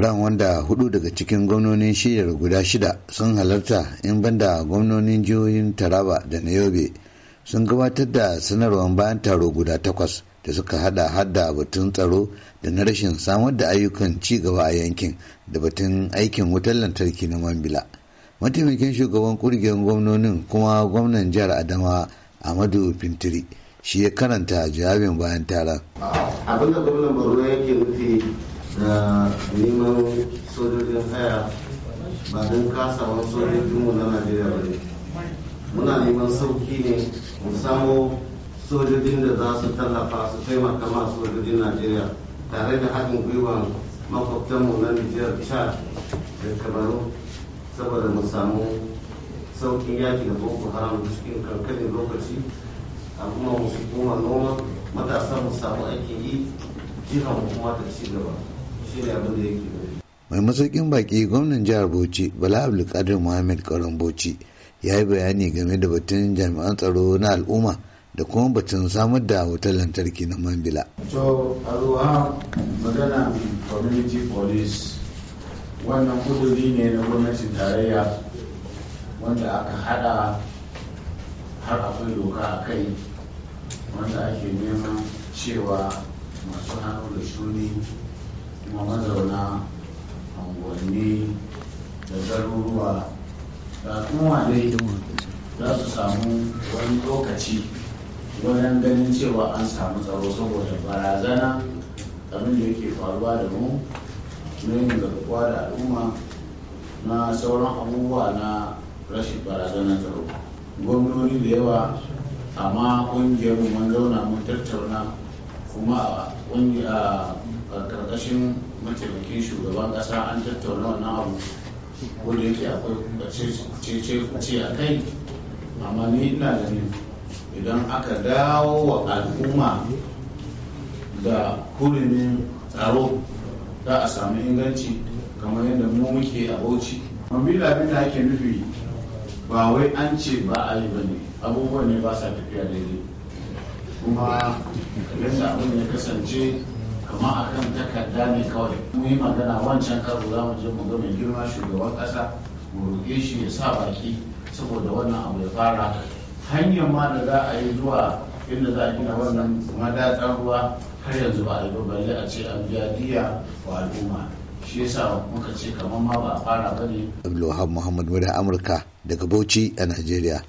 taron wanda hudu daga cikin gwamnonin shiryar guda shida sun halarta in banda gwamnonin jihohin taraba da na yobe sun gabatar da sanarwar bayan taro guda takwas da suka hada hada batun tsaro da na rashin samar da ayyukan ci gaba a yankin da batun aikin wutar lantarki na mambila mataimakin shugaban kungiyar gwamnonin kuma gwamnan jihar adama amadu fintiri shi ya karanta jawabin bayan taron abin da gwamnan borno yake nufi da neman sojojin haya ba don kasawan sojojinmu na najeriya ba ne muna neman sauki ne mu samo sojojin da za su tallafa su taimaka ma sojojin najeriya tare da haɗin gwiwan makwabtanmu na nijar chad da kabaru saboda mu samu saukin yaki da boko haram cikin kankanin lokaci a kuma noma matasa mu samu aikin yi jihar mu kuma ta ci gaba mai masaukin baki gwamnan jihar bauchi bala abdulkadir muhammad karon bauchi ya yi bayani game da batun jami'an tsaro na al'umma da kuma batun samar da wutar lantarki na mambila a ruwa magana community police wannan kuduri ne na gwamnatin tarayya wanda aka hada har akwai doka a kai wanda ake neman cewa masu hannu da shuni kuma mazauna unguwanni da garuruwa da kuma za su samu wani lokaci wajen ganin cewa an samu tsaro saboda barazana abin da yake faruwa da mu na yin garkuwa da al'umma na sauran abubuwa na rashin barazana tsaro gwamnoni da yawa amma ƙungiyar mun zauna mun tattauna kuma wani a karkashin mataimakin shugaban kasa an tattauna wannan abu ko da yake akwai cece a kai amma ni ina ganin idan aka dawo wa al'umma da hurumin tsaro za a sami inganci kamar yadda mu muke a bauchi mambila abin da ake nufi ba wai an ce ba a yi ba ne abubuwan ne ba sa tafiya daidai kuma yadda abin ya kasance kamar akan takarda ne kawai muyi yi magana wancan karo za mu je mu ga mai girma shugaban kasa mu roƙe shi ya sa baki saboda wannan abu ya fara hanyar ma da za a yi zuwa inda za a gina wannan madatsar ruwa har yanzu ba a yi balle a ce an biya diya wa al'umma shi yasa muka ce kamar ma ba a fara ba ne. Abdulwahab Muhammad Muda Amurka daga Bauchi a Najeriya.